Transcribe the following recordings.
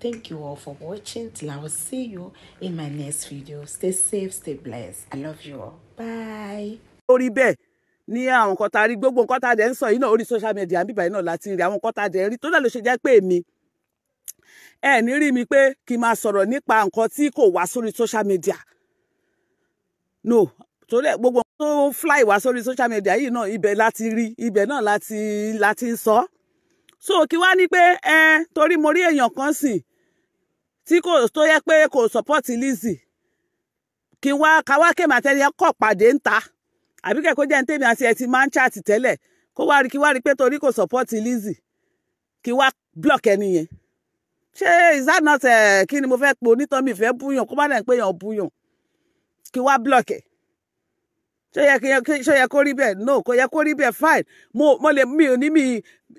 Thank you all for watching. Till I will see you in my next video. Stay safe, stay blessed. I love you all. Bye. Orí bẹ́ẹ̀ ni àwọn nǹkan tá a rí gbogbo nǹkan tá a dẹ̀ ń sọ yìí náà orí social media bíbá yìí náà láti rí àwọn nǹkan tá a dẹ̀ ń rí tó dẹ̀ ló ṣe jẹ́ pé èmi ẹ ní rí mi pé kí n máa sọ̀rọ̀ nípa nǹkan tí kò wá sórí social media no torí gbogbo tó fly wá sórí social media yìí náà ibẹ̀ láti rí ibẹ̀ náà láti láti ń sọ. So so kí wá ní pé ẹ torí mo rí èèyàn kan sìn tí kò tó yẹ pé kò support Lizzy kí wá káwá kéèmí àtẹnìyẹn kọ̀ pàdé ń ta àbí kẹ́ kó jẹ́ ní tèmi àti ẹ̀ ti máa ń chat tẹ́lẹ̀ kó wá rí kí wá rí pé torí kò support Lizzy kí wá block ẹni yẹn ṣé is that not eh, kí ni mo fẹ́ pò onítọ́ mi fẹ́ búyàn kó má dẹ̀ ń pé yàn búyàn kí wá block ẹ̀ ṣó yẹ kí ṣó yẹ kó rí bẹ́ẹ̀ no kò yẹ kó rí bẹ́ẹ̀ fine mo mo lè mi ò ní mi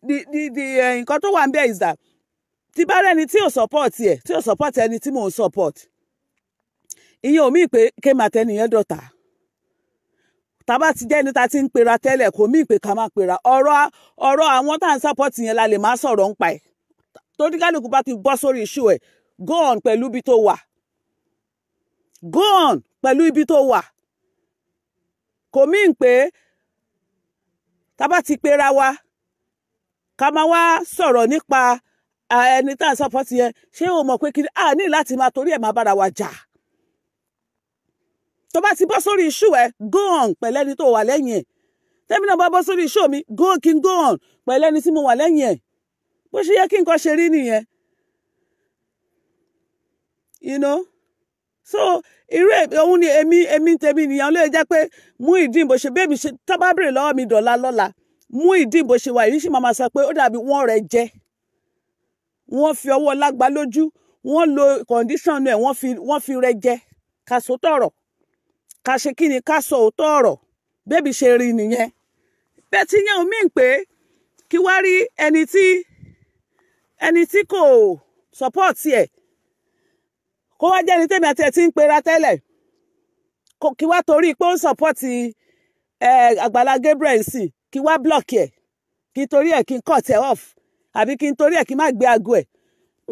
di di di eh, nǹkan tó wà ń bẹ̀ is that ti bá rẹ́ni tí ò support ẹ̀ tí ò support ẹni tí mò ń support ìyẹn ò mí pé ké máa tẹ́ nìyẹn dọ̀tà tàbá ti jẹ́ ẹni tá ti ń pera tẹ́lẹ̀ kò mí pé ká máa pera ọ̀rọ̀ ọ̀rọ̀ àwọn tá à ń support yẹn la lè má sọ̀rọ̀ ń pa ẹ̀ torí kálukú bá ti bọ́ sórí iṣu ẹ̀ go on pẹ̀lú ibi tó wà go on pẹ̀lú ibi tó wà kò míì pé tá a bá ti pera wa ká máa wá sọ̀rọ̀ nípa ẹni tá à ń sọ́pọ́tì yẹn ṣé o mọ̀ pé kí ni a ní láti máa torí ẹ̀ máa bára wa jà tó bá ti bọ́ sórí iṣu ẹ go on pẹ̀lú ẹni tó wà lẹ́yìn ẹ̀ tẹ́mi náà bá bọ́ sórí iṣu mi go kí n go on pẹ̀lú ẹni tí mo wà lẹ́yìn ẹ̀ bó ṣe yẹ kí nǹkan ṣe rí nìyẹn you know so irú òun ni èmi èmi tèmi nìyẹn ló yẹ jẹ́ pé mú ìdí ìbò ṣe bẹ́ẹ̀ mi ṣe tó bá bèrè lọ́wọ́ mi dọ̀la lọ́la mú ìdí ìbò ṣe wà yìí sì máa sọ pé ó dàbí wọ́n rẹ̀ jẹ́ wọ́n fi ọwọ́ lágbá lójú wọ́n lo condition ẹ̀ wọ́n fi wọ́n fi rẹ̀ jẹ́ ká sọ tọ̀rọ̀ ká ṣe kí ni ká sọ òótọ́ ọ̀rọ̀ bẹ́ẹ̀bi ṣe rí nìyẹn bẹ́ẹ̀ tí yẹn ò pé kí wá rí ẹni tí ẹni tí kò support ẹ̀ kó wá jẹ́ ní tèmi àti ẹ̀ tí ń pera tẹ́lẹ̀ kí wá torí pé ó ń sọ̀pọ́tì Àgbàlá Gabriel sí kí wá block ẹ̀ kí n torí ẹ̀ kí n cut ẹ̀ off àbí kí n torí ẹ̀ kí n má gbé aago ẹ̀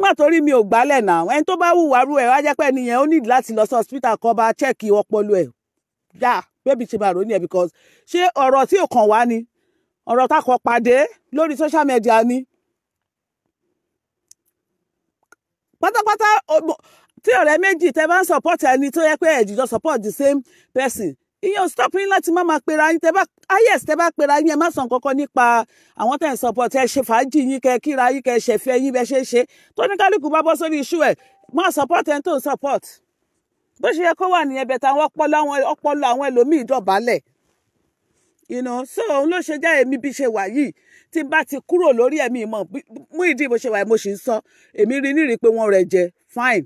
má torí mi ò gbálẹ̀ náà ẹni tó bá hùwà rú ẹ̀ wá jẹ́ pé nìyẹn ó nídìí láti lọ sí hospital kan bá chẹ́ẹ̀kì ọpọlọ ẹ̀ yá bébí ṣe máa rò ní ẹ̀ because ṣé ọ̀rọ̀ tí ò kàn wá ni ọ̀rọ̀ tá kọ pàdé lórí social media ni pátápátá tí ọ̀rẹ́ méjì tẹ́ bá ń support ẹni tó yẹ pé ẹ̀jìjọ support the same person ìyẹn ò stop yín láti má máa pera yín tẹ́ bá ayẹs ah, tẹ́ bá pera yín ẹ má sàn kankan nípa àwọn tẹ́ ń support ẹ ṣe fàájì yín kẹ́ kíra yín kẹ́ ṣẹ̀fẹ́ yín bẹ́ ṣe é ṣe tó ní kálukú bá bọ́ sórí iṣu ẹ̀ má support ẹni tó ń support bó ṣe yẹ kó wà nìyẹn bẹ̀tà àwọn ọpọlọ àwọn ẹlòmíì dọ̀bálẹ̀ you know so òun ló ṣe jẹ́ èmi bí ṣe wà yìí tí n bá ti kúrò lórí ẹ̀mí mọ̀ mú ìdí bó ṣe wà yìí mo sì ń sọ èmi rí nírìí pé wọ́n rẹ̀ jẹ fine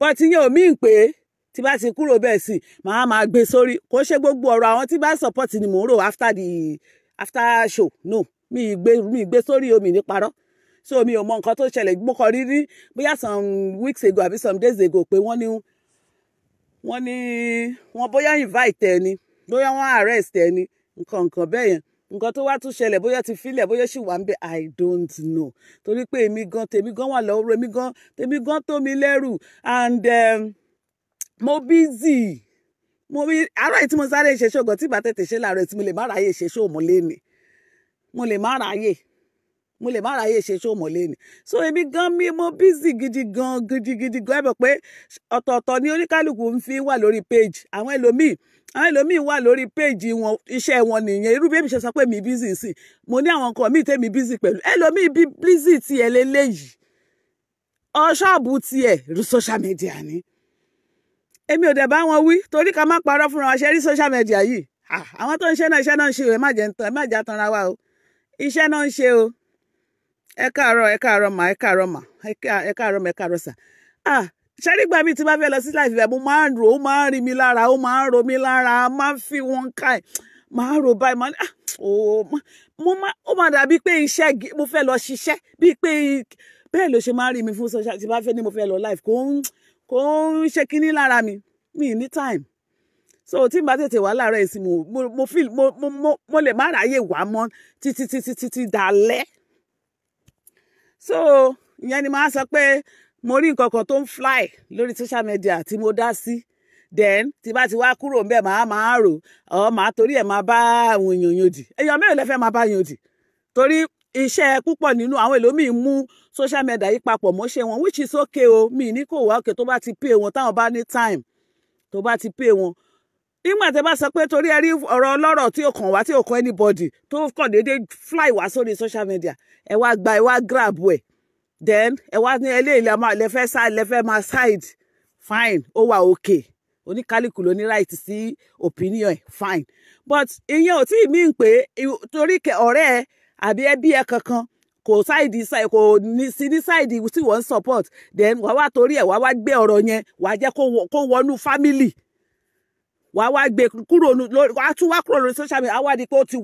bọ́tí yẹn ò míì pé tí bá ti kúrò bẹ́ẹ̀ sì màá máa gbé sórí kò ṣe gbogbo ọ̀rọ̀ àwọn tí bá support ni mò ń rò after the after show no mi gbé mi gbé sórí omi ní parọ́ so mi ò mọ nǹkan tó ṣẹlẹ̀ mo kàn rí bóyá some weeks ago àbí some days ago pé wọ́n ní wọ́n ní wọ́n bóyá invite ẹni bóyá wọ́n arrest ẹni nǹkan nǹkan bẹ́ẹ̀ yẹn nǹkan tó wá tún ṣẹlẹ̀ bóyá ti filẹ̀ bóyá sì wà ń bẹ i don't know torí pé èmi gan tèmi gan wà lọ́wọ́ èmi gan tèmi gan tó mi lẹ́rù and um, mo busy mo bí àárọ̀ yìí tí mo sáré ṣe ṣògùn tí ìbá tètè ṣe láàárọ̀ tí mo lè má ráyè ṣe ṣòmù léni mo lè má ráyè mo lè má ráyè ṣe ṣó mọ̀ lẹ́nu so èmi gan mi mo bízì gidi gan gidi gan ẹ̀bọ̀ pé ọ̀tọ̀ọ̀tọ̀ ni oníkálukú ń fi wà lórí page àwọn ẹlòmíì àwọn ẹlòmíì wà lórí page wọn iṣẹ́ wọn nìyẹn irú bí èmi ṣe sọ pé mi bízì sí mo ní àwọn nǹkan míì tẹ́mi bízì pẹ̀lú ẹlòmíì bí bízì tiẹ̀ lélẹ́yìí ọ̀ṣọ́ọ̀bù tiẹ̀ rí social media ni èmi ò dẹ̀ bá wọn wí torí ká má parọ́ fúnra wọn ṣe rí social media yìí ah, àwọn tó ń ṣe náà iṣẹ́ náà ń ṣe o má jẹ́ tanra wa o iṣẹ́ náà ẹ káàárọ̀ ẹ káàárọ̀ mà ẹ káàárọ̀ mà ẹ káàárọ̀ ma, ẹ káàárọ̀ sa. ah ṣẹ́rígbà bíi tí bá fẹ́ lọ sí láìpẹ́ bẹ́ẹ̀ mo máa ń rò ó máa ń rí mi lára ó máa ń ro mi lára máa ń fi wọn ká ẹ̀ máa ń rò báyìí máa ń ah ooo mo máa ó máa dàbí pé iṣẹ́ mo fẹ́ lọ ṣiṣẹ́ bíi pé bẹ́ẹ̀ ló ṣe máa ń rí mi fún social tí bá fẹ́ ní mo fẹ́ lọ live kò ń kò ń ṣe kínní lára mi mi ní time so tí n bá tètè wá láàárọ̀ ìsinmi mo mo feel mo mo mo lè má ráyè wá mọ́ títí títí títí dalẹ́ so ìyẹn ni màá sọ pé mo rí nǹkan kan tó ń fly lórí social media tí mo dá sí then tí bá ti wá kúrò ń bẹ̀ màá máa rò ọ màá torí ẹ̀ máa bá àwọn èèyàn yòdì èèyàn mẹ́rin lẹ́fẹ̀ẹ́ máa bá yòdì torí iṣẹ́ púpọ̀ nínú àwọn èlòmíì mú social media yìí papọ̀ mọ́ṣẹ́ wọn which is okay o mi ní kò wá òkè tó bá ti pay wọn táwọn bá ní time tó bá ti pay wọn ìgbà tẹ bá sọ pé torí ẹ rí ọ̀rọ̀ ọlọ́rọ̀ tí o kàn wá tí o kàn anybody tó kàn déédéé fly wá sórí social media ẹ wá gba ẹ wá grab ẹ then ẹ wá ní eléyìí lẹ fẹ́ side, lẹ fẹ́ máa side fine ó wà okay oníkálukú ló ní right sí opinion ẹ fine but ìyẹn ò tí ì mí pé torí ọ̀rẹ́ ẹ àbí ẹbí ẹ kankan kò ṣáìdì kò sí ní ṣáìdì tí wọ́n support then wàá wá torí ẹ̀ wàá wá gbé ọ̀rọ̀ yẹn wàá jẹ́ kó wọnú family wàá wá gbé kúrò lórí wàá tún wá kúrò lórí social media àwa di pé ó ti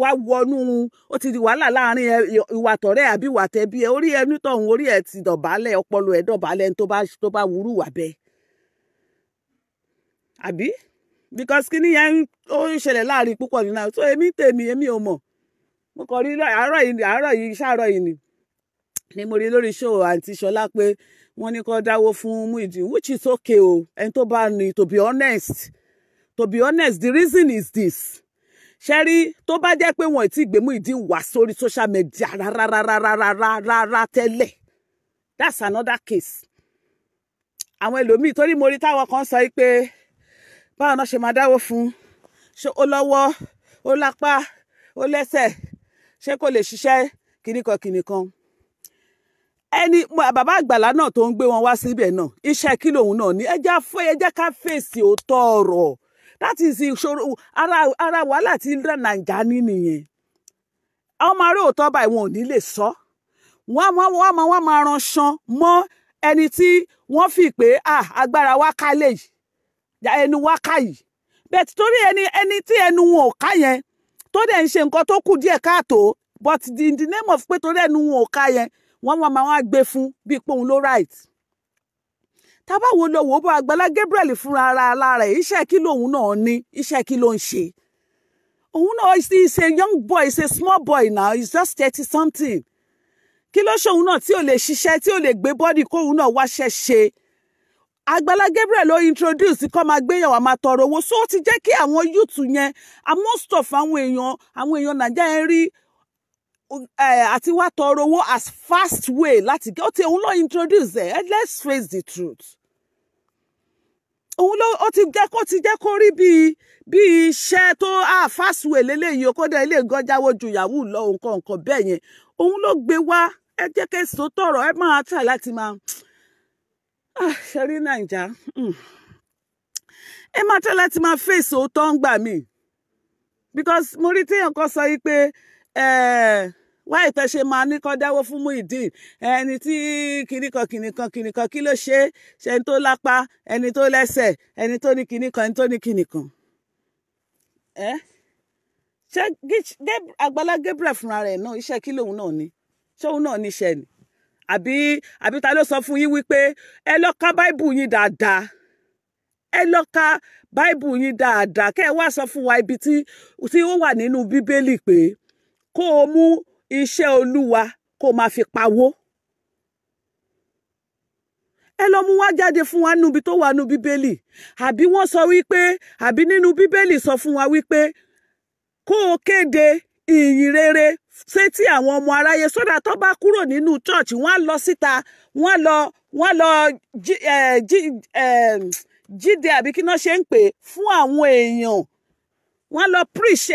wá wọnú ó ti di wàhálà láàrin ìwà tọ̀rẹ́ àbí ìwà tẹbí ẹ orí ẹnu tọ̀hún orí ẹ ti dọ̀bálẹ̀ ọpọlọ ẹ dọ̀bálẹ̀ ẹni tó bá wúrú wà bẹ́ẹ̀ àbí because kíní yẹn ó ń ṣẹlẹ̀ láàrin púpọ̀ nínú àwọn so èmi tèmi èmi ò mọ̀ mo kàn rí àárọ̀ yìí àárọ̀ yìí ṣàárọ̀ yìí ni ni mo rí lórí ṣòwò àǹtí ṣọlá pé wọ́n ní kó dáwó fún Muyideen which is okay o ẹni tó bá ní to be honest to be honest the reason is this ṣẹ́rí tó bá jẹ́ pé wọ́n ti gbé Muyideen wá sórí social media rárárárárárárá tẹ́lẹ̀ that's another case àwọn ẹlòmíì torí mo rí táwọn kan sọ pé báwọn náà ṣe máa dáwó fún ṣé ó lọ́wọ́ ó lápá ó lẹ́sẹ̀ ṣé kò lè ṣiṣẹ́ kìnnìkan kìnnìkan ẹni bàbá àgbàlá náà tó ń gbé wọn wá síbẹ̀ náà iṣẹ́ kí lòun náà ní ẹ jẹ́ ká fèsì òótọ́ ọ̀rọ̀ That is ìṣòro ara wàhálà tí ń rẹ̀ nàìjà ní nìyẹn ọmọ ará òótọ́ báyìí wọn ò ní lè sọ wọn mọ wọn mọ wọn máa ran ṣan mọ ẹni tí wọ́n fi pé agbára wa ká lè ẹnu wa ká yìí bẹ́ẹ̀ tí torí ẹni ẹni tí ẹnu wọn ò ká yẹn tó dẹ̀ ń ṣe nǹkan tó kù díẹ̀ káàtó but in the name of pé torí ẹnu wọn ò ká yẹn wọ́n máa wá gbé fún bíi pé òun ló right tábàwo lọ wò ó bá Àgbàlá Gabriel fúnra ara rẹ̀ iṣẹ́ kí lòun náà ní iṣẹ́ kí ló ń ṣe òun náà is a young boy is a small boy now he's just thirty something kí ló ṣe òun náà tí ò lè ṣiṣẹ́ tí ò lè gbé bọ́dì kóun náà wáṣẹ́ ṣe Àgbàlá Gabriel ló introduce kọ́ máa gbéyàwó máa tọrọ owó so ó ti jẹ́ kí àwọn yúùtù yẹn most of àwọn èèyàn àwọn èèyàn nàìjíríà yẹn rí eh, àti wá tọrọ owó as fast way láti get ó ti òun lọ introduce ẹ let's face the truth òun ló ó ti jẹ́ kó ti jẹ́ kó rí bíi bíi iṣẹ́ tó àfàsùn eléyìí o kódà ilé ìgànjáwó ju yahoo lọ nǹkan nǹkan bẹ́ẹ̀ yẹn òun ló gbé wá ẹ jẹ́ kí èso tọ̀rọ̀ ẹ máa tà láti máa ah, ṣe nàìjà hmm. ẹ máa tà láti máa fèsò tó ń gbà mí because mo rí téèyàn kan sọ yìí pé ẹ̀ẹ́. Eh, wá ìtẹ́ ṣe máa ní kọ́ dáwó fún Muyideen ẹni tí kìnìkan kìnìkan kìnìkan kí ló ṣe é ṣe ẹni tó lápá ẹni tó lẹ́sẹ̀ ẹni tó ní kìnìkan ẹni tó ní kìnìkan. ṣé Agbala Gabriel fúnra rẹ̀ náà iṣẹ́ kí lòun náà ni ṣé òun náà níṣẹ́ ni àbí àbí ta ló sọ fún yín wípé ẹ lọ ka báìbù yín dáadáa ẹ lọ ka báìbù yín dáadáa kẹ́ ẹ wá sọ fún wa ibi tí ó wà nínú bíbélì pé kó o mú iṣẹ́ olúwa kó máa fi pawó ẹ lọ mú wá jáde fún wa níbi tó wà nínú bíbélì àbí wọ́n sọ wípé àbí nínú bíbélì sọ fún wa wípé kó o kéde ìyìn rere sétí àwọn ọmọ aráyé sódà tó bá kúrò nínú church wọ́n lọ síta wọ́n lọ wọ́n lọ jíde àbí kí náà ṣe ń pè fún àwọn èèyàn wọ́n lọ preach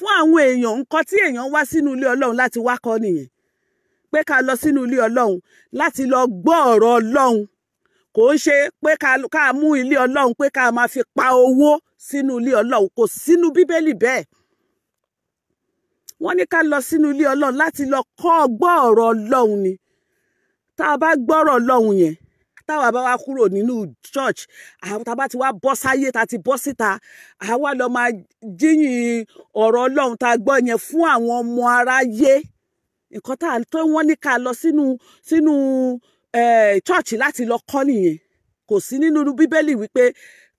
fún àwọn èèyàn nǹkan tí èèyàn wá sínú ilé ọlọ́run láti wá kọ́ nìyẹn pé ká lọ sínú ilé ọlọ́run láti lọ gbọ́ ọ̀rọ̀ ọlọ́run kò ń ṣe pé ká mú ilé ọlọ́run pé ká máa fi pa owó sínú ilé ọlọ́run kò sínú bíbélì bẹ́ẹ̀ wọ́n ní ká lọ sínú ilé ọlọ́run láti lọ kọ́ gbọ́ ọ̀rọ̀ ọlọ́run ni tá a bá gbọ́rọ̀ ọlọ́run yẹn táwa bá wá kúrò nínú church àwọn tá a bá ti wá bọ́ sáyé tá a ti bọ́ síta àwa lọ máa jíyìn ọ̀rọ̀ ọlọ́run tá a gbọ́ yẹn fún àwọn ọmọ aráyé nǹkan tá a tó wọ́n ní ká lọ sínú sínú church láti lọ kọ́ nìyẹn kò sí nínú bíbélì wípé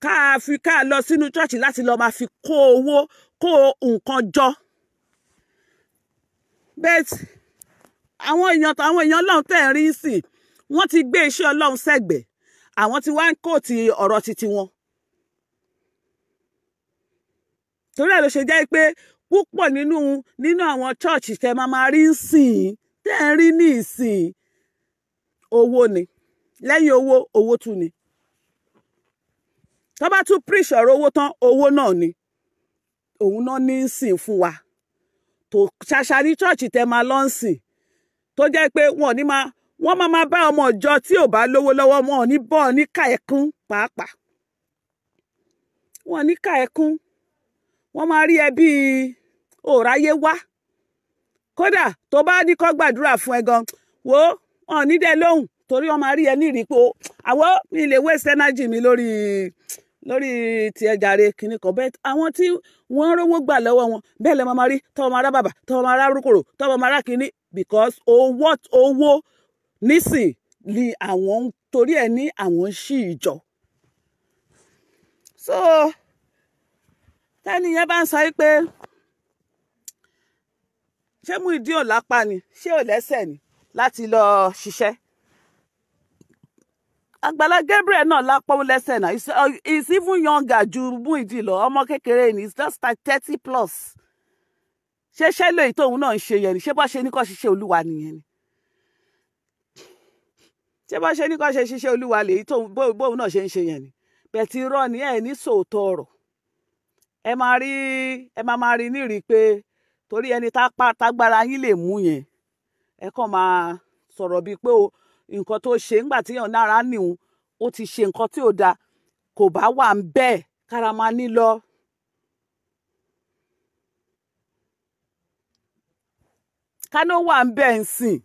ká fi ká lọ sínú church láti lọ máa fi kó owó kó nǹkan jọ bẹ́ẹ̀ àwọn èèyàn àwọn èèyàn ọlọ́run tẹ̀ ń rí sìn wọ́n ti gbé iṣẹ́ Ọlọ́run sẹ́gbẹ̀ẹ́ àwọn tí wá ń kó ti ọ̀rọ̀ titi wọn. torí ẹ̀ ló ṣe jẹ́ pé púpọ̀ nínú nínú àwọn chọ́ọ̀chì tẹ máa máa rí sìn tẹ́ ẹ rí ní ìsìn owó ni lẹ́yìn owó owó tún ni tó bá tún preach ọ̀rọ̀ owó tán owó náà ni òun náà ní sìn fún wa tó ṣàṣà ní chọ́ọ̀chì tẹ máa lọ ń sìn tó jẹ́ pé wọn ò ní máa wọ́n máa máa bá ọmọ ìjọ tí ò bá lówó lọ́wọ́ wọn ò ní bọ́ ọ níkà ẹ̀kún pàápàá wọn ò níkà ẹ̀kún wọ́n máa rí ẹ bíi òráyé wá kódà tó bá ní kó gbàdúrà fún ẹ gan wo wọn ò ní dẹ lóhùn torí wọ́n máa rí ẹ nírìí pé àwọ mi lè waste energy mi lórí lórí ti ẹjàre kìnnì kan bẹ́ẹ̀ àwọn tí wọ́n ń rówó gbà lọ́wọ́ wọn bẹ́ẹ̀ lẹ máa rí tọwọ máa rá bàbà tọwọ máa rá rúkòrò tọwọ máa rá kìnnì because owó owó nísìn ni àwọn ń torí ẹ̀ ní àwọn ń ṣí ìjọ so tẹ́ni yẹn bá ń sọ pé ṣé mú ìdí ò lápá ni ṣé ò lẹ́sẹ̀ ni láti lọ ṣiṣẹ́ Àgbàlá Gabriel náà lápọ́wọ́ lẹ́sẹ̀ náà is is uh, even younger ju Muyidi lọ ọmọ kékeré ni it's just like thirty plus ṣé ṣẹlẹ̀ èyí tóun náà ń ṣe yẹn ni ṣé bá ṣe ní kó ṣiṣẹ́ olúwa nìyẹn ni ṣé bá ṣe ní kó ṣe ṣiṣẹ́ olúwa lèyí tó bóun náà ṣe ń ṣe yẹn ni bẹ̀tì irọ́ ni ẹ̀ ní sòótọ́ ọ̀rọ̀ ẹ máa rí ẹ máa máa rí nírì pé torí ẹni tágbára yín lè mú yẹn ẹ kàn máa sọ̀rọ̀ bíi pé o nǹkan tó ṣe ńgbà tí yàn nára nìhun ó ti ṣe nǹkan tí ò da kò bá wà ń bẹ́ẹ̀ kára máa ní lọ. ká ló wà ń bẹ́ẹ̀ ń sìn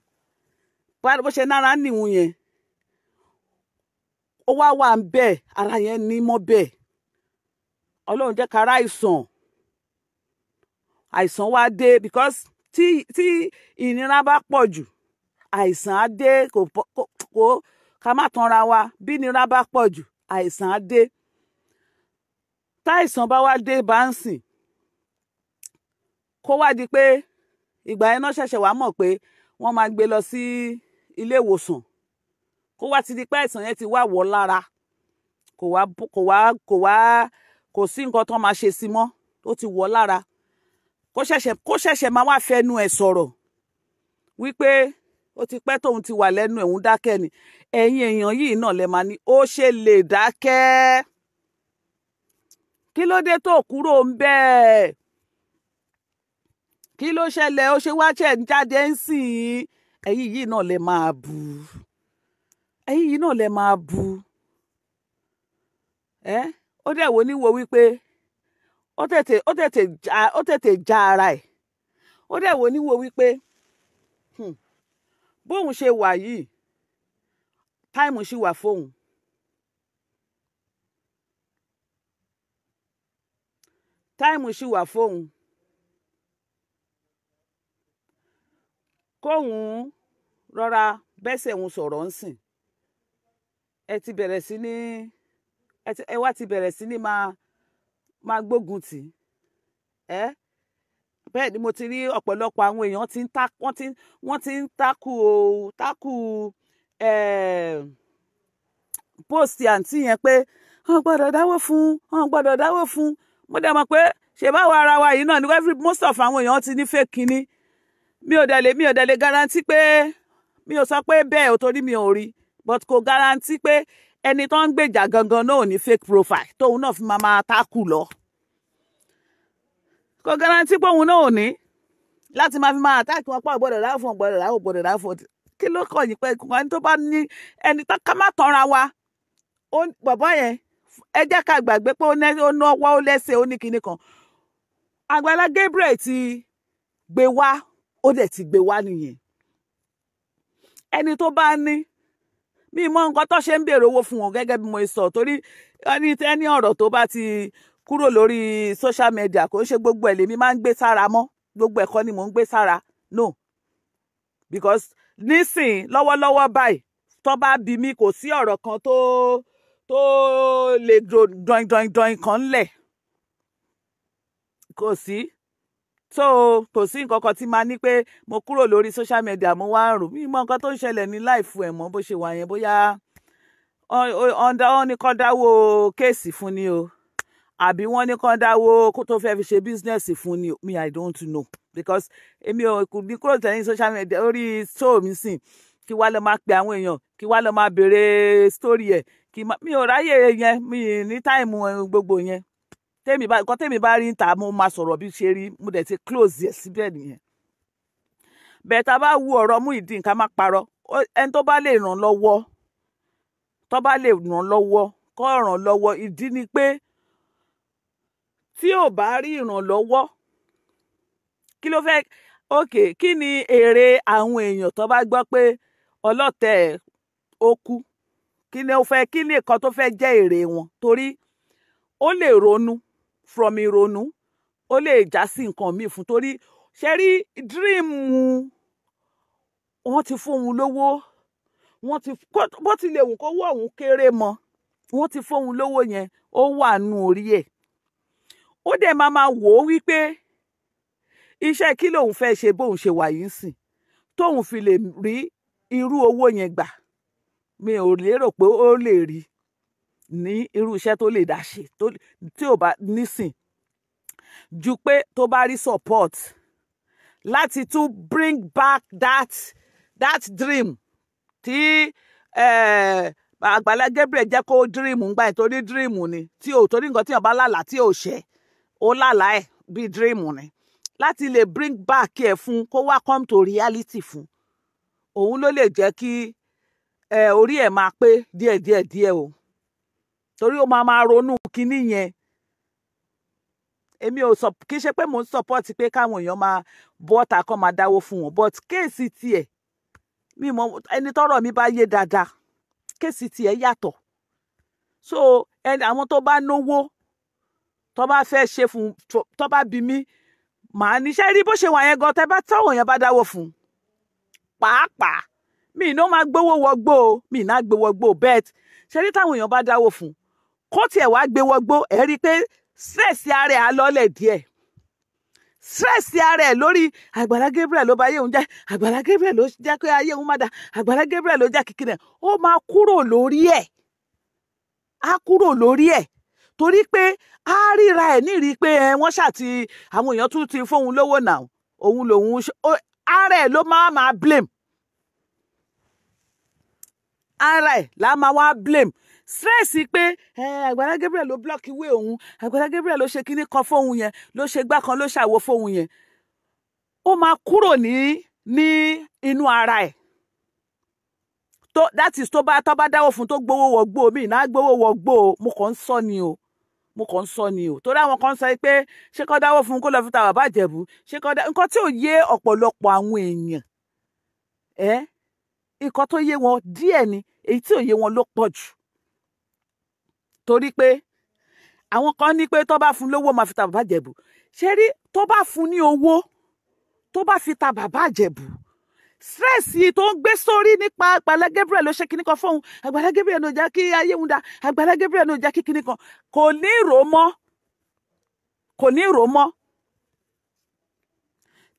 bó ṣe nára nìhun yẹn ó wá wà ń bẹ̀ ara yẹn ní mọ́ bẹ̀ ọlọ́run jẹ́ kára àìsàn àìsàn wá dé because tí tí ìnira bá pọ̀ jù àìsàn á dé kò kò ká má tanra wa bí ìnira bá pọ̀ jù àìsàn á dé táìsàn bá wá dé bá ń sìn kó wá di pé ìgbà yẹn náà ṣẹ̀ṣẹ̀ wá mọ̀ pé wọ́n máa gbé lọ sí ilé ìwòsàn kó wá ti di pé àìsàn yẹn ti wá wọ̀ lára kò wá kò wá kò wá kò sí nǹkan tó máa ṣe sí mọ́ ó ti wọ̀ lára kó ṣẹ̀ṣẹ̀ kó ṣẹ̀ṣẹ̀ máa wá fẹnu ẹ̀ sọ̀rọ̀ wípé ó ti pẹ́ tóun ti wà lẹ́nu ẹ̀ dákẹ́ ni ẹ̀yin èèyàn yìí náà lè máa ní ó ṣe lè dákẹ́ kí ló dé tó kúrò ń bẹ́ẹ̀ kí ló ṣẹlẹ̀ ó ṣe wá ṣẹ̀ ń jáde ń sìn ẹ̀yin yìí náà lè máa bù ú ẹ̀yin náà lẹ máa bu ẹ ó dẹ̀ wo níwò wípé ó tètè ó tètè já ó tètè já ara ẹ̀ ó dẹ̀ wo níwò wípé hmm, bóun ṣe wà yìí táìmù ṣì wà fóun táìmù ṣì wà fóun kóun rọra bẹ́sẹ̀ òun sọ̀rọ̀ ń sìn ẹ ti bẹ̀rẹ̀ sí ní ẹ wá ti bẹ̀rẹ̀ sí ní máa máa gbógun tì ẹ bẹ́ẹ̀ ni mo ti rí ọ̀pọ̀lọpọ̀ àwọn èèyàn tí ń ta wọ́n ti wọ́n ti ń takù o takù ẹ post àǹtí yẹn pé wọ́n gbọ́dọ̀ dáwọ́ fún wọ́n gbọ́dọ̀ dáwọ́ fún mo dẹ̀ mọ̀ pé ṣe báwo ara wa yìí náà ni every most of àwọn èèyàn ti ní fake kínní mi ò dẹ̀ lè mi ò dẹ̀ lè guarantee pé mi ò sọ pé bẹ́ẹ̀ ò torí mi ò rí i but ko guarantee pé ẹni tó ń gbèjà gangan náà ní fake profile tóun náà fi máa máa tákù lọ kò garanti pé òun náà ò ní láti máa fi máa àtáàkì wọn la ọgbọdọ láàfọ ọgbọdọ láàfọ ọgbọdọ láàfọ kí ló kọ yìí pé ẹni tó bá ní ẹni tó ká má tanra wa bàbá yẹn ẹ jẹ́ ká gbàgbé pé ó náwó ó lẹ́sẹ̀ ó ní kinní kan Àgbàlá Gabriel ti gbé wá ó dẹ̀ ti gbé wá nìyẹn ẹni tó bá ní mi mọ nǹkan tó ṣe ń béèrè owó fún wọn gẹ́gẹ́ bí mo sọ torí ẹni tẹ́ni ọ̀rọ̀ tó bá ti kúrò lórí social media kò ṣe gbogbo ẹ̀ lèmi máa ń gbé sára mọ́ gbogbo ẹ̀kọ́ ni mò ń gbé sára no because nísìn lọ́wọ́lọ́wọ́ báyìí tó bá bí mi kò sí ọ̀rọ̀ kan tó tó lè dọ̀ìn dọ̀ìn dọ̀ìn kan lẹ̀ kò sí so kò sí nǹkan kan tí máa ní pé mo kúrò lórí social media mo wá ń rò mí mọ nǹkan tó ń ṣẹlẹ̀ ní láìfu ẹ̀ mọ́ bó ṣe wà yẹn bóyá wọ́n ní kán dáwó kéèsì fún ni o àbí wọ́n ní kán dáwó kó tó fẹ́ fi ṣe bísínẹ́sì fún ni mi i don't know because èmi ò kò ní kúrò tẹ̀lé social media orí show mi sìn kí wá lọ máa pe àwọn èèyàn kí wá lọ máa béèrè story ẹ̀ kí mi ò ráyè yẹn mi ní táìmù gbogbo yẹn tèmi bá nǹkan tèmi bá rí ń ta mo máa sọ̀rọ̀ bí ṣe rí mo dẹ̀ ti close yẹ síbẹ̀ nìyẹn bẹ́ẹ̀ tá a bá wo ọ̀rọ̀ Muyideen ká má parọ́ ẹni tó bá lè ràn lọ́wọ́ tó bá lè ràn lọ́wọ́ kó ràn lọ́wọ́ ìdí ni pé tí ò bá rí ìrànlọ́wọ́ kí ló fẹ́ òkè kí ni èrè àwọn èèyàn tó bá gbọ́ pé ọlọ́tẹ̀ ó kú kí ni ó fẹ́ kí ni nǹkan tó fẹ́ jẹ́ èrè wọn torí ó lè ronú from ìrònú ó lè já sí nǹkan míì fún torí ṣe rí dream wọ́n ti fóun lówó wọ́n ti bó ti lè wù kówó ọ̀hún kéré mọ́ wọ́n ti fóun lówó yẹn ó wà nù orí ẹ̀ ó dẹ̀ máa máa wò ó wípé iṣẹ́ kí lòun fẹ́ ṣe bóun ṣe wà yìí sìn tóun fi lè rí irú owó yẹn gbà mi ò lérò pé ó lè rí i ní irú iṣẹ́ tó lè dá ṣe tí ò bá nísìn ju pé tó bá rí support láti tún bring back that that dream tí eh, Àgbàlá Gabriel jẹ́ kó dream ń gbà ẹ̀ torí dream ni tí ò torí nǹkan tí ọba lálàá tí ò ṣe ó lálàá ẹ̀ bíi dream ni láti lè bring back ẹ̀ fún kó wá come to reality fún òun ló lè jẹ́ kí eh, orí ẹ̀ máa pé díẹ̀díẹ̀ o torí ó máa máa ronú kinní yẹn èmi ò sọ kì í ṣe pé mò ń support pé káwọn èèyàn máa bọ́ta kọ́ máa dáwó fún wọn but kéèsì tiẹ̀ mi mọ ẹni tọ́rọ̀ mi bá yé dáadáa kéèsì tiẹ̀ yàtọ̀ so ẹni àwọn tó bá náwó tó bá fẹ́ ṣe fún tó bá bí mi màá níṣẹ́ rí bó ṣe wà yẹn gan tẹ́ bá táwọn èèyàn bá dáwó fún pàápàá mi ì náà máa gbowó wọgbó mi ì náà gbowó gbó bẹ́ẹ̀ ṣe rí táwọn èèyàn bá dáwó fún un kó tiẹ̀ wá gbé wọgbó ẹ̀ rí i pé stress ara ẹ̀ á lọ́lẹ̀ díẹ̀ stress ara ẹ̀ lórí àgbàlá Gabriel ló bá ayé òun jẹ́ àgbàlá Gabriel ló jẹ́ pé ayé òun má da àgbàlá Gabriel ló jẹ́ kìkìrì ẹ̀ ó máa kúrò lórí ẹ̀ á kúrò lórí ẹ̀ torí pé á ríra ẹ̀ nírìí pé wọ́n ṣàti àwọn èèyàn tún ti fóun lówó náà òun lòun ara ẹ̀ ló máa máa blame ara ẹ̀ là máa wá blame stress pé Agbala Gabriel ló block ìwé òun Agbala Gabriel ló ṣe kinní kan fóun yẹn ló ṣe gbá kan ló ṣàwo fóun yẹn ó máa kúrò ní ní inú ara ẹ̀ tó that is tó bá tó bá dáwọ́ fún tó gbowó wọ̀gbó mi ìná gbowó wọ̀gbó mo kàn ń sọ ni o mo kàn ń sọ ni o torí àwọn kan sọ pé ṣé kọ́ dáwọ́ fún kó lọ fi ta bàbá àjẹ̀bù ṣé kọ́ dá nǹkan tí ò yé ọ̀pọ̀lọpọ̀ àwọn èèyàn ẹ́ nǹkan tó yé wọn díẹ̀ ni èyí tí ò yé wọn ló pọ̀ jù torí pé àwọn kan ní pé tó bá fún lówó máa fi ta bàbá àjẹ̀bù ṣe rí tó bá fún ní owó tó bá fi ta bàbá àjẹ̀bù stress yìí tó ń gbé sórí nípa Àgbàlá Gabriel ló ṣe kíní kan fóun Àgbàlá Gabriel ló jẹ́ kí ayé ń da Àgbàlá Gabriel ló jẹ́ kí kíní kan kò ní rò mọ́ kò ní rò mọ́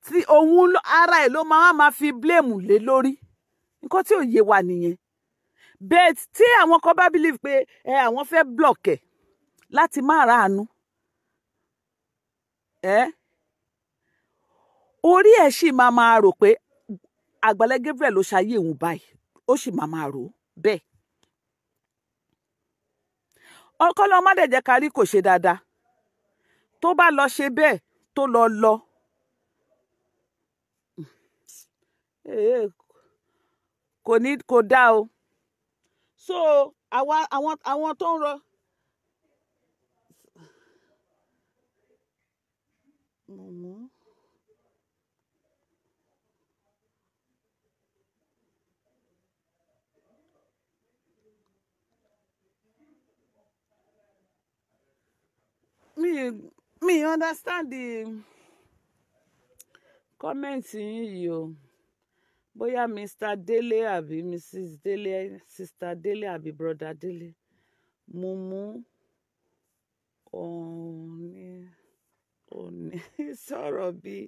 tí òun ara ẹ̀ ló máa máa fi blame lé lórí nǹkan tí ò yé wa nìyẹn bet tí àwọn kan bá believe pé ẹ àwọn fẹ́ block ẹ̀ láti má ra àánú ẹ orí ẹ̀ sì máa máa rò pé Àgbàlá Gabriel ló ṣayé òun báyìí ó sì máa máa rò bẹ́ẹ̀ ọkọlọ má dẹ̀ jẹ́ ká rí kò ṣe dáadáa tó bá lọ ṣe bẹ́ẹ̀ tó lọ lọ kò ní kò dáa o so àwa àwọn àwọn tó ń rọ. mọ̀mọ́. Me, mi understand the comment yín yìí bóyá Mr. Délé àbí Mrs. Délé Sister Délé àbí Brother Délé mo mú òní òní sọ̀rọ̀ bíi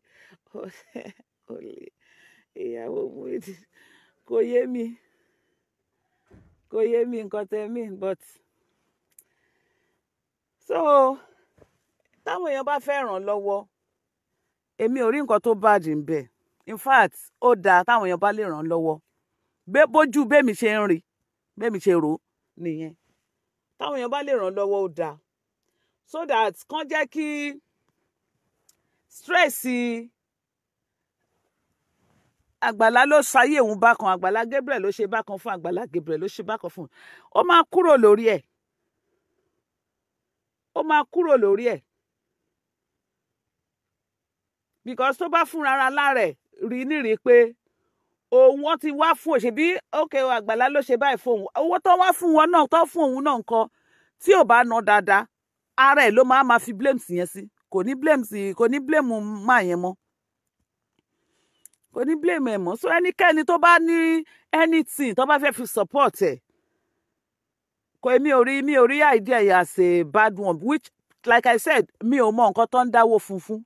òní ìyàwó Muyideen kò yé mi kò yé mi nǹkan tẹ́ mi but so táwọn èèyàn bá fẹ́ ràn lọ́wọ́ èmi ò rí nǹkan tó bàjẹ́ ń bẹ́ẹ̀ in fact ó dáa táwọn èèyàn bá lè ràn lọ́wọ́ gbé bójú bẹ́mi ṣe ń rí bẹ́mi ṣe rò nìyẹn táwọn èèyàn bá lè ràn lọ́wọ́ ó dáa so that kàn jẹ́ kí stress àgbàlá ló ṣayé òun bákan àgbàlá Gabriel ló ṣe bákan fún àgbàlá Gabriel ló ṣe bákan fún ó máa kúrò lórí ẹ̀ ó máa kúrò lórí ẹ̀ because tó bá fúnra ara lára ẹ̀ rí nírìí pé òun wọn ti wá fún òṣèbí òkè àgbàlá ló ṣe báyìí fún òun owó tó wá fún wọn náà tó fún òun náà nǹkan tí ò bá ná dáadáa ara ẹ̀ ló máa ma fi blames yẹn sí kò ní blames kò ní blame má yẹn mọ́ kò ní blame ẹ̀ mọ́ so ẹnikẹ́ni tó bá ní anything tó bá fẹ́ fi support ẹ̀ kò mi ò rí mi ò rí idea yẹn as a bad one which like I said mi ò mọ nǹkan tó ń dáwó funfun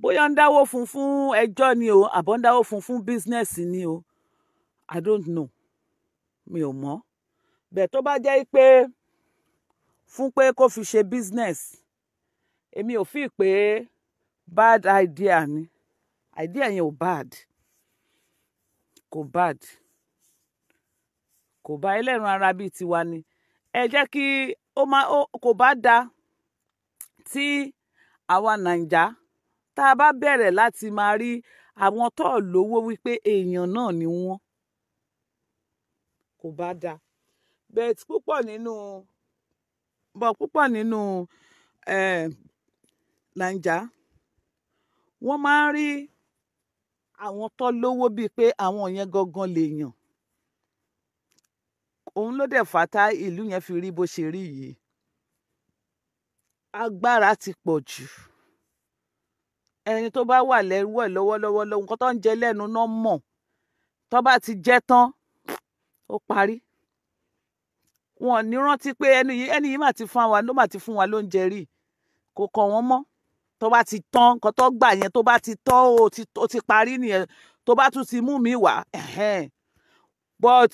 bóyá ń dáwó fún fún ẹjọ́ ni o àbọ̀ ń dáwó fún fún ni o i don't know mi ò mọ̀ bẹ́ẹ̀ tó bá jẹ́ pé fún pé kó fi ṣe business èmi ò fi pé bad idea ni idea yẹn ò bad kò bad kò bá ẹlẹ́ran ara bíi tiwa ni ẹ jẹ́ kí ó máa kò bá da tí àwa nàìjà tá a bá bẹ̀rẹ̀ láti máa rí àwọn tó lówó wípé èèyàn náà ni wọ́n kò bá dáa bẹ́ẹ̀ púpọ̀ nínú bọ̀ púpọ̀ nínú eh, nàìjà wọ́n máa ń rí àwọn tó lówó bíi pé àwọn yẹn gangan lèèyàn òun ló dẹ̀ fàtà ìlú yẹn fi rí bó ṣe rí yìí agbára ti pọ̀ jù ẹni tó bá wà lẹ́wọ̀ lọ́wọ́lọ́wọ́ lọ́wọ́ nǹkan tó ń jẹ lẹ́nu náà mọ̀ tó bá ti jẹ́ tán ó parí wọn ní rántí pé ẹni yìí ẹni yìí mà ti fún wa ló mà ti fún wa lóúnjẹ rí kò kọ̀ wọ́n mọ́ tó bá ti tán nǹkan tó gbà yẹn tó bá ti tán ó ti ó ti parí nìyẹn tó bá tún ti mú mi wá but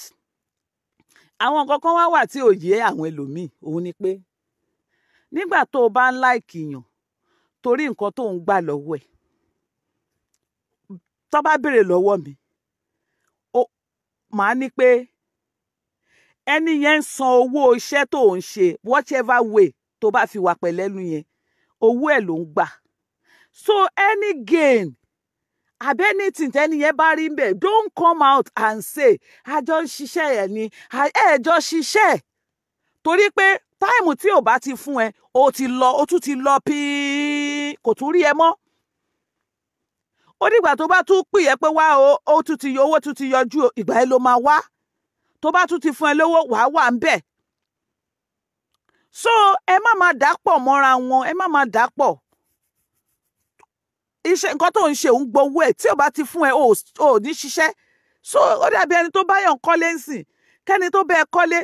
àwọn nǹkan kan wá wà tí ò yé àwọn ẹlòmíì òun ni pé nígbà tó o bá ń láìkì yàn torí nǹkan tó ń gbà lọ́wọ́ ẹ̀ tó bá béèrè lọ́wọ́ mi màá ní pé ẹni yẹn ń san owó iṣẹ́ tó ń ṣe whatever way tó bá fi wà pẹ̀lẹ́nu yẹn owó ẹ̀ ló ń gbà so any gain àbẹ́ ní tìǹtẹ́ni yẹn bá rí bẹ́ẹ̀ don't come out and say àjọ ń ṣiṣẹ́ ẹ̀ ni ẹ̀ẹ́jọ́ ṣiṣẹ́ ẹ̀ torí pé táìmù tí ò bá ti fún ẹ o ti lọ o tún ti lọ píí kò tún rí ẹ mọ́ ó dìgbà tó bá tún pè pé wá o ó tún ti owó tún ti yọjú o ìgbà ẹ ló máa wá tó bá tún ti fún ẹ lówó wàá wà ń bẹ̀ so ẹ má máa dàpọ̀ mọ́ra wọn ẹ má máa dàpọ̀ iṣẹ́ nǹkan tó ń ṣe òun gbowó ẹ̀ tí ò bá ti fún ẹ ò ní ṣiṣẹ́ so ó dàbí ẹni tó bá yàn kọ́lé ń sìn kẹ́ni tó bẹ́ẹ̀ kọ́lé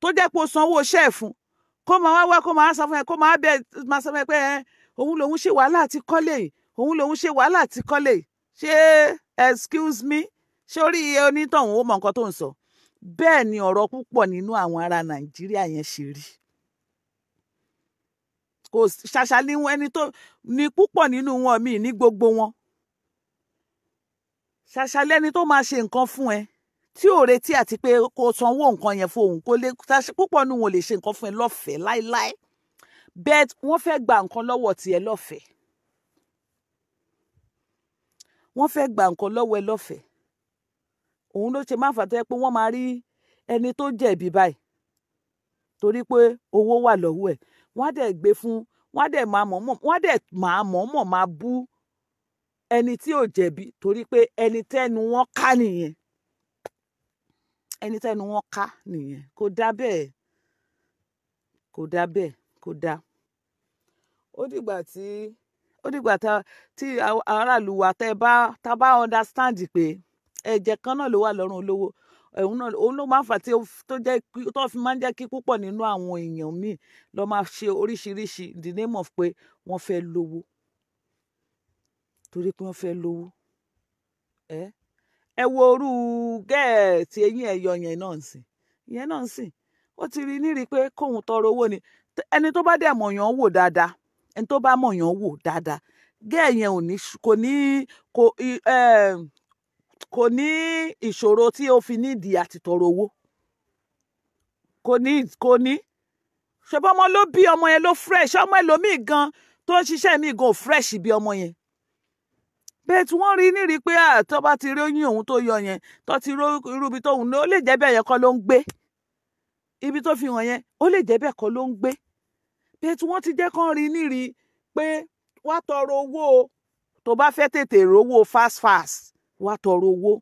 tó jẹ́ pé ó sanwó iṣẹ́ ẹ̀ fún kó máa wá wá kó máa sọ ẹ kó máa bẹ́ẹ̀ máa sọ ẹ pé ẹ òun lòun ṣe wàhálà àti kọ́lé yìí òun lòun ṣe wàhálà àti kọ́lé yìí ṣé excuse me sórí onítọ̀hún ó mọ nǹkan tó ń sọ bẹ́ẹ̀ ni ọ̀rọ̀ púpọ̀ nínú àwọn ará nàìjíríà yẹn ṣe rí kò ṣàṣà ní ẹni tó ní púpọ̀ nínú wọn míì ní gbogbo wọn ṣàṣà lẹ́ni tó máa ṣe nǹkan fún ẹ tí ò retí àti pé kò sanwó nǹkan yẹn fún òun kò lè púpọ̀ nínú wọn lè ṣe nǹkan fún ẹ lọ́fẹ̀ẹ́ láéláé bet wọ́n fẹ́ gba nǹkan lọ́wọ́ tiẹ̀ lọ́fẹ̀ẹ́ wọ́n fẹ́ gba nǹkan lọ́wọ́ ẹ lọ́fẹ̀ẹ́ òun ló ṣe má fà tó yẹ pé wọ́n máa rí ẹni tó jẹ̀bi báyìí torí pé owó wà lọ́wọ́ ẹ̀ wọ́n á dẹ̀ gbé fún wọ́n á dẹ̀ máa mọ̀ọ́mọ̀ wọ́n á dẹ̀ máa mọ̀ọ́mọ̀ máa bú ẹni tí ò jẹ̀bi torí pé ẹni tẹ́nu wọn ká nìyẹn ẹni tẹ́nu wọn ká nìyẹn kò dá bẹ́ẹ̀ kò dá bẹ́ẹ̀ kò dá ó dìgbà tí ó dìgbà tí aráàlú wa tẹ bá tá bá understand pé ẹ̀jẹ̀ kan náà ló wà lọ́rùn olówó òun náà òun ló máa ń fà tí tó jẹ́ tó fi máa ń jẹ́ kí púpọ̀ nínú àwọn èèyàn míì lọ máa ṣe oríṣiríṣi the name of pé wọ́n fẹ́ lówó torí pé wọ́n fẹ́ lówó ẹ ẹ wo orú gẹ́ẹ̀tì eyín ẹ̀yọ yẹn náà sìn yẹn náà sìn ó ti rí nírí pé kóun tọrọ owó ni ẹni tó bá dẹ̀ mọ̀yàn wò dáadáa ẹni tó bá mọ̀ yàn wò dáadáa gẹ́ẹ̀ yẹn ò ní kò ní kò ehm, kò ní ìṣòro tí ó fi nídìí àti tọrọ owó kò ní kò ní ṣùgbọ́n ọmọ ló bí ọmọ yẹn ló fresh ọmọ ẹlòmíì gan tó ń ṣiṣẹ́ mi gan fresh bí ọmọ yẹn bẹ́ẹ̀ tí wọ́n rí nírí pé tó bá ti rí oyún òun tó yọ yẹn tó ti rí irúbi tóun ó lè jẹ́ bẹ́ẹ̀ yẹn kọ́ ló ń gbé ibi tó fi hàn yẹn ó lè jẹ́ bẹ́ẹ̀ kọ́ ló ń gbé bẹ́ẹ̀ tí wọ́n ti jẹ́ kán rí nírí pé wá tọrọ owó tó bá fẹ́ tètè rówó fast fast wá tọrọ owó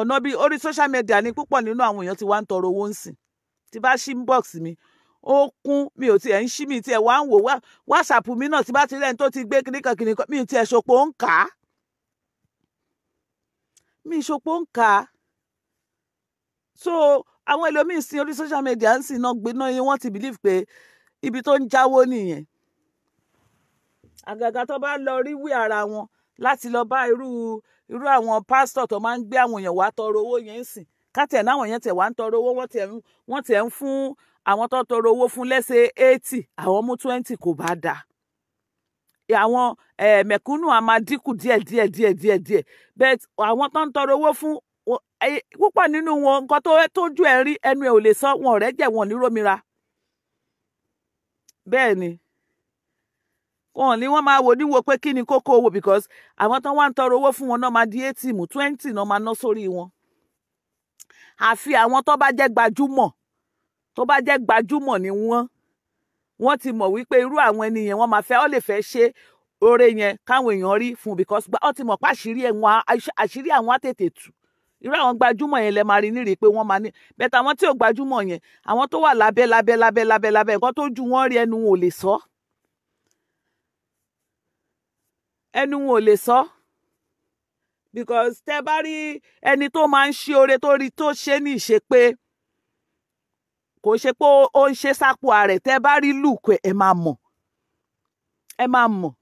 ọ̀nà bíi orí social media ni púpọ̀ nínú àwọn èèyàn ti wá ń tọrọ owó ń sìn tí bá ṣí inbox mi ó kún mi ò tiẹ̀ ń ṣí mi tiẹ̀ wá ń wò wásaàpù mi náà tí bá ti rẹ́ni tó ti gbé kíníkan kíníkan mi ò tiẹ̀ ṣòpó ń kà á mi ìṣòpó ń kà á so àwọn ẹlòmíín sin orí social media ń sìn náà gbé náà iye wọ́n ti believe pé ibi tó ń jáwó nìyẹn àgàgà tó bá lọ rí wí ara wọn láti lọ bá irú irú àwọn pásítọ̀ tó máa ń gbé àwọn èèyàn wá tọrọ owó yẹn ń sìn kátẹ̀ náwọn yẹn tẹ̀ wá ń tọrọ owó wọ́n tiẹ̀ wọ́n tiẹ̀ ń fún àwọn tó tọrọ owó fún lẹ́sẹ̀ eighty àwọn mú twenty kò bá dáa àwọn mẹ̀kúnnù a máa dínkù díẹ̀ díẹ̀ díẹ̀ díẹ̀ díẹ̀ bẹ́ẹ̀ àwọn tó ń tọrọ owó fún púpọ̀ nínú wọn nǹkan tó tójú ẹ̀ rí ẹnu ẹ̀ ò lè sọ wọn ọ̀rẹ́ jẹ̀ wọn ní rómìíra bẹ́ẹ̀ ni wọn ni wọ́n máa wò níwò pé kí ni kókó owó because àwọn tán wá ń tọrọ owó fún wọn náà máa di eighteen twenty náà máa ná sórí wọn àfi àwọn tó bá jẹ́ gbajúmọ̀ tó bá jẹ́ gbajúmọ̀ ni wọ́n wọ́n ti mọ̀ wípé irú àwọn ẹni yẹn wọ́n máa fẹ́ ọ lè fẹ́ ṣe oore yẹn káwọn èèyàn rí fún because ọ ti mọ̀ pé àṣírí àwọn àṣírí àwọn á tètè tú irú àwọn gbajúmọ̀ yẹn lẹ máa rí nírèé pé wọ́n máa ní bẹ́tà àwọn tí ò gbajúmọ̀ yẹn àwọn tó wà lábẹ́ lábẹ́ lábẹ́ lábẹ́ lábẹ́ nǹkan tó ju wọ́n rí ẹnu wọn ò lè sọ ẹnu wọn ò lè sọ because tẹ bá rí ẹni tó máa ń ṣe oore tó rí tó ṣe ní ìṣe pé kò ṣe pé ó ń ṣe sápò ààrẹ tẹ bá rí lùkù ẹ máa mọ̀ ẹ máa mọ̀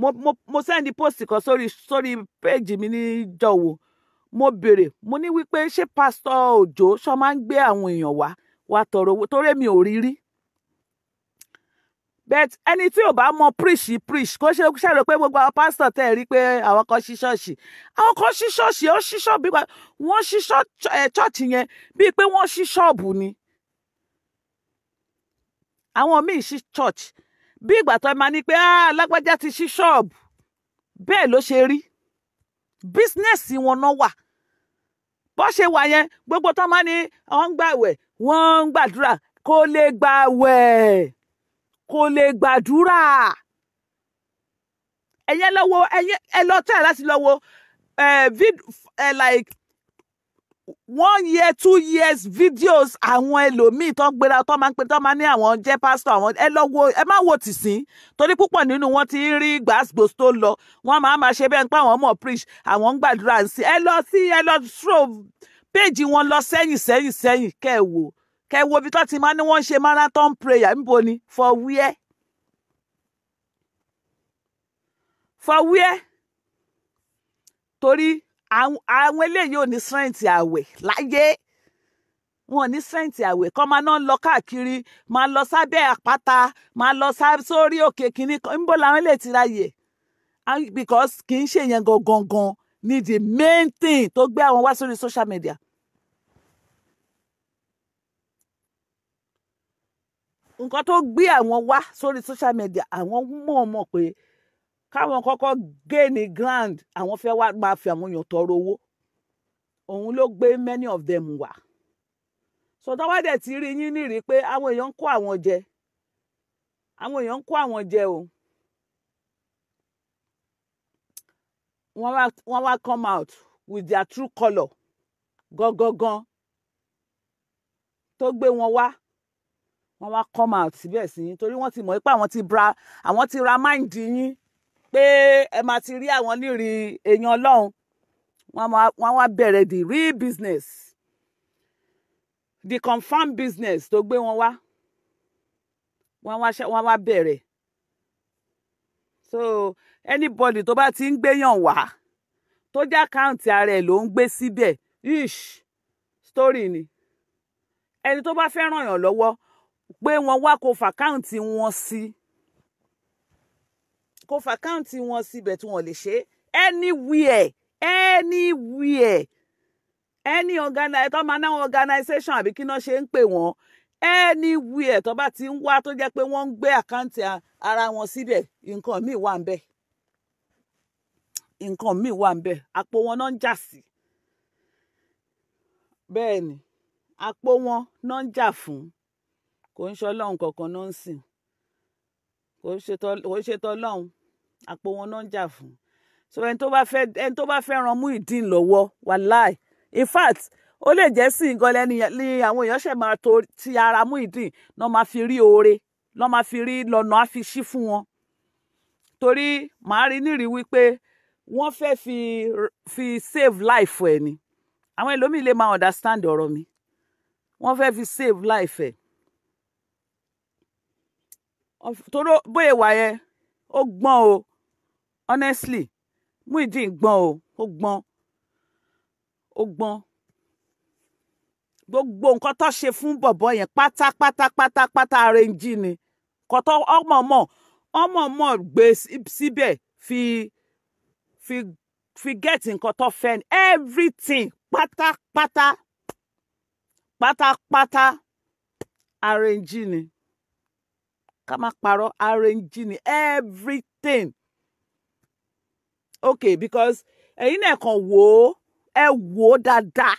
mo mo mo sẹ́ndí post kan sórí sórí péèjì mi níjọ́ wo mo béèrè mo ní wípé ṣé pásítọ̀ òjò sọ máa ń gbé àwọn èèyàn wá wá tọrọ owó torí mi ò rí rí bet ẹni tí ò bá mọ preach preach kó ṣe ṣàrò pé gbogbo àwọn pásítọ̀ tẹ́ ẹ̀ rí pé àwọn kan ṣí ṣọ́ọ̀ṣì àwọn kan ṣí ṣọ́ọ̀ṣì ó ṣí ṣọ́ọ̀bù wọ́n ṣí ṣọ́ọ̀ṣì yẹn bíi pé wọ́n ṣí ṣọ́ọ̀bù ni àwọn míì ṣí church bí ìgbà tó máa ní pé ah, alágbájá ti ṣí ṣọ́ọ̀bù bẹ́ẹ̀ ló ṣe rí bísínẹ́sì wọn náà wà bó ṣe wà yẹn gbogbo tó máa ní wọ́n ń gbàwẹ̀ wọ́n ń gbàdúrà kò lè gbàwẹ̀ kò lè gbàdúrà ẹ̀yẹ́ lọ́wọ́ ẹ̀yẹ́ ẹ lọ tẹ̀ láti lọ́wọ́ eh, eh, like one year two years videos àwọn ẹlòmíì tó ń gbéra tó máa ń pe tó máa ní àwọn jẹ́ pásítọ̀ àwọn ẹ lọ wo ẹ má wo tìsín torí púpọ̀ nínú wọn ti ń rí gbàgbó tó lọ wọn máa máa ṣe bẹ́ẹ̀ pé àwọn ọmọ preach àwọn ń gbàdúrà sí ẹ lọ sí ẹ lọ throw péèjì wọn lọ sẹ́yìn sẹ́yìn sẹ́yìn kẹ́ ẹ wò kẹ́ ẹ wo ibi tó ti máa ní wọ́n ń ṣe marathon prayer níbo ni for where for where torí àwọn eléyìí ò ní sẹ́ǹtì àwẹ̀ láyé wọn ní sẹ́ǹtì àwẹ̀ kọ́ máa náà lọ káàkiri máa lọ sábẹ́ àpáta máa lọ sórí òkè kìíní kan níbo làwọn eléyìí ti ráyè because kì í ṣe yẹn gangan ni the main thing tó gbé àwọn wá sórí social media. nǹkan tó gbé àwọn wá sórí social media àwọn mọ̀ mọ̀ pé káwọn kọ́kọ́ gé ní grand àwọn fẹ́ wá máa fi àwọn èèyàn tọrọ owó òun ló gbé many of them wá so tọ́wọ́ dẹ̀ ti rí yín nírìí pé àwọn èèyàn ń kó àwọn jẹ àwọn èèyàn ń kó àwọn jẹ o wọ́n wá come out with their true colour gangan tó gbé wọn wá wọ́n wá come out síbẹ̀ sí yín torí wọ́n ti mọ̀ pé àwọn ti bra àwọn ti ra máìndì yín pé ẹ máa ti rí àwọn nírí èèyàn ọlọ́run wọ́n wá bẹ̀rẹ̀ the real business the confam business tó gbé wọn wá wọ́n wá bẹ̀rẹ̀ so anybody tó bá ti ń gbéyàn wá tó jẹ́ àkáǹtì ara ẹ̀ ló ń gbé síbẹ̀ ish story ni ẹni tó bá fẹ́ ràn yàn lọ́wọ́ gbé wọn wá kó fàkáǹtì wọn sí. Si kó fa káùntì wọn síbẹ̀ tí wọ́n lè ṣe anywhere anywhere any organize tó máa náwọn organization àbí kí náà ṣe ń pè wọ́n anywhere tó bá ti ń wá tó jẹ́ pé wọ́n ń gbé àkáǹtì ara wọn síbẹ̀ nǹkan míì wà ń bẹ̀ nǹkan míì wà ń bẹ̀ àpò wọn náà ń jà sí bẹ́ẹ̀ ni àpò wọn náà ń jà fún kò ń ṣọlọ́run kankan náà ń sìn kò í ṣe tọlọ́run àpò wọn náà ń jà fún so ẹni tó bá fẹ́ ẹni tó bá fẹ́ ran Muyideen lọ́wọ́ wàláì in fact ó lè jẹ́ sí nǹkan ni àwọn èèyàn ṣẹ̀ máa to ti ara Muyideen náà máa fi rí oore náà máa fi rí lọ́nà á fi ṣí fún wọn torí màá rí nírìí wípé wọ́n fẹ́ fi fi save life ẹ̀ ni àwọn ẹlòmíì lè máa understand ọ̀rọ̀ mi wọ́n fẹ́ fi save life ẹ̀ torí bóyá wà yẹn ó gbọ́n o honestly Muyideen gbọ́n o ó gbọ́n ó gbon gbogbo nǹkan tó ṣe pata pata pata pátápátápátápátá arẹ́njì ni kọ́tọ́ ọmọ ọmọ ọmọ ọmọ gbé síbẹ̀ fi fi fi gẹ́ẹ̀tì nǹkan fen everything pata pata pata pata arẹ́njì ni ká má parọ́ rng ni everything okay because ẹ̀yin náà kàn wò ó ẹ wò ó dáadáa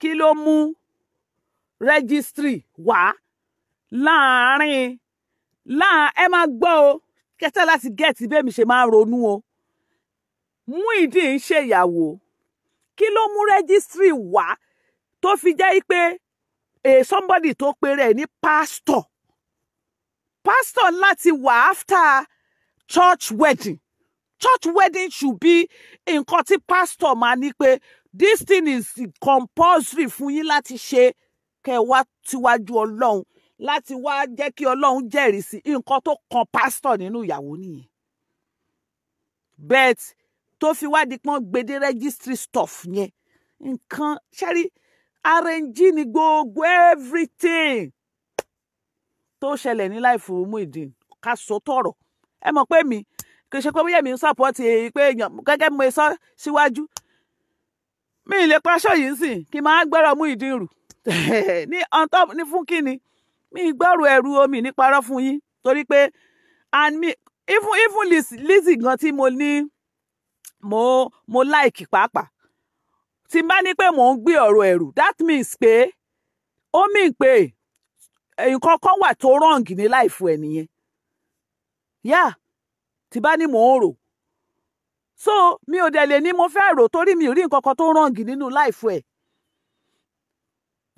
kí ló mú rẹ́gísítírì wá láàárín láà ẹ máa gbọ́ o kẹtẹ́ láti gẹ́ẹ̀tì bẹ́ẹ̀ mi ṣe máa ronú o Muyideen ń ṣèyàwó kí ló mú rẹ́gísítírì wá tó fi jẹ́ pé eh, somebody tó pe rẹ̀ ní pásítọ̀ pastor láti wà after church wedding church wedding should be nǹkan tí pastor máa ní pé this thing is compulsory fún yín láti ṣe kẹ́ wá tíwájú Ọlọ́run láti wá jẹ́ kí Ọlọ́run jẹ́rìí sí nǹkan tó kan pastor nínú ìyàwó nìyẹn bet tó fi wá di pọ́n gbede registry stuff yẹn nǹkan ṣẹ́rí arrange ni gbogbo everything tó ṣẹlẹ̀ ní láìfù Muyideen ká so tọ̀rọ̀ ẹ mọ̀ pé mi kì í ṣe pé bóyá mi ń sàpọ́tì pé èèyàn gẹ́gẹ́ bí mo sọ síwájú mi ì lè paṣọ yìí ń sìn kí n máa gbẹ́rọ̀ Muyideen rù ní ọ̀ntọ́ ní fún kíni mi ì gbọ́rù ẹ̀rù omi ní parọ́ fún yín torí pé and me even even Lizzy gan tí mo ní mo mo láìkì pàápàá tí n bá ní pé mò ń gbé ọ̀rọ̀ ẹ̀rù that means pé ó mì pé nǹkan kan wà tó rọǹgì ní láìfo ẹ nìyẹn yá tí bá ní mò ń rò so mi ò dẹ̀ lè ní mo fẹ́ rò torí mi ò rí nǹkan kan tó rọǹgì nínú láìfo ẹ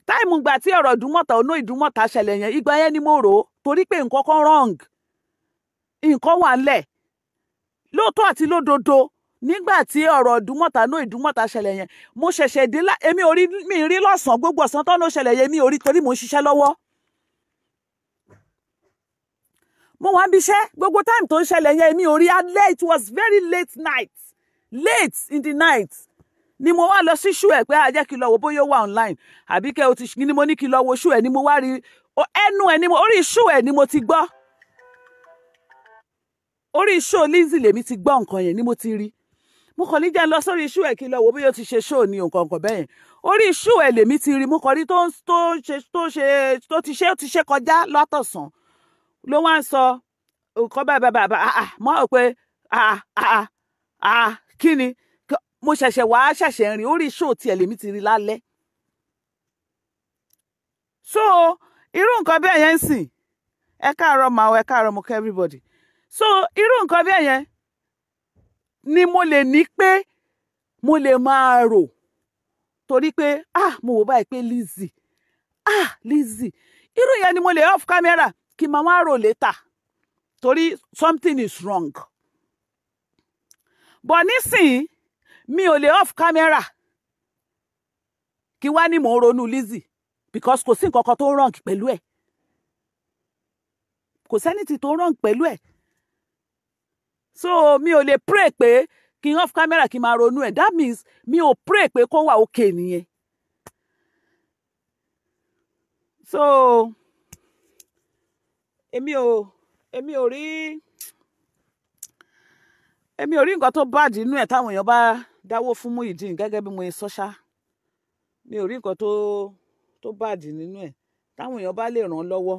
táìmù gbà tí ọ̀rọ̀ ìdúmọ̀tà ọ̀nà ìdúmọ̀tà ṣẹlẹ̀ yẹn ìgbà yẹn ni mo rò ó torí pé nǹkan kan wrong nǹkan wà lẹ̀ lóòótọ́ àti lódodo nígbà tí ọ̀rọ̀ ìdúmọ̀tà ọ̀nà ìdúmọ̀tà ṣẹlẹ̀ yẹn mo ṣẹ̀ṣẹ̀ dé la èmi ò rí mi rí lọ́sàn-án gbogbo ọ̀sán tọ́nà ṣẹlẹ̀ yẹn mi ò rí torí mo ń ṣiṣẹ́ lọ́wọ́ mo wá bí iṣẹ́ gbogbo time tó ń ṣẹlẹ̀ yẹn mi ò rí alẹ́ it was very late night late in the night ni mo wá lọ sí ṣú ẹ pé ajẹ́ kí lọ wo bóyá ó wà online àbí kẹ́ o ti ni mo ní kí lọ wo ṣú ẹ ni mo wá rí ẹnu ẹ ni mo orí ṣú ẹ ni mo ti gbọ́ orí ṣó Lizzy lèmi ti gbọ́ nǹkan yẹn ni mo ti rí mo kàn ní jẹ́ lọ sórí ṣú ẹ̀ kí lọ wo bóyá o ti ṣe ṣó ni nǹkan kan bẹ́yẹn orí ṣú ẹ̀ lèmi ti rí mo kàn rí tó ṣe tó ṣe tó ti ṣe kọjá látọ̀sán ló wá ń sọ nǹkan báyìí báyìí báyìí mo rò pé kí ni mo ṣẹ̀ṣẹ̀ wá ṣẹ̀ṣẹ̀ rìn orí ṣó tiẹ̀ lèmi ti rí lálẹ́ so irú nǹkan bẹ́ẹ̀ yẹn ń sìn ẹ káàárọ̀ màá ẹ káàárọ̀ mo kẹ́ everybody so irú nǹkan bẹ́ẹ̀ yẹn ni mo lè ní pé mo lè máa rò torí pé ah mo wò báyìí pé Lizzy ah Lizzy irú yẹn ni mo lè off camera kí n máa wá rò létà torí something is wrong bọ̀ nísìnyí mi ò lè off camera kí wá ní mò ń ronú Lizzy because kò sí nǹkan tó wrong pẹ̀lú ẹ̀ kò sẹ́ni tó wrong pẹ̀lú ẹ̀ so mi ò lè pray pé kí n off camera kí n máa ronú ẹ̀ that means mi ò pray pé kó wà okay nìyẹn so èmi ò èmi ò rí èmi ò rí nǹkan tó bàjẹ́ inú ẹ̀ táwọn èèyàn bá dáwó fún Muyideen gẹ́gẹ́ bí mo ṣe sọ́ṣá mi ò rí nǹkan tó tó bàjẹ́ nínú ẹ̀ táwọn èèyàn bá lè ràn án lọ́wọ́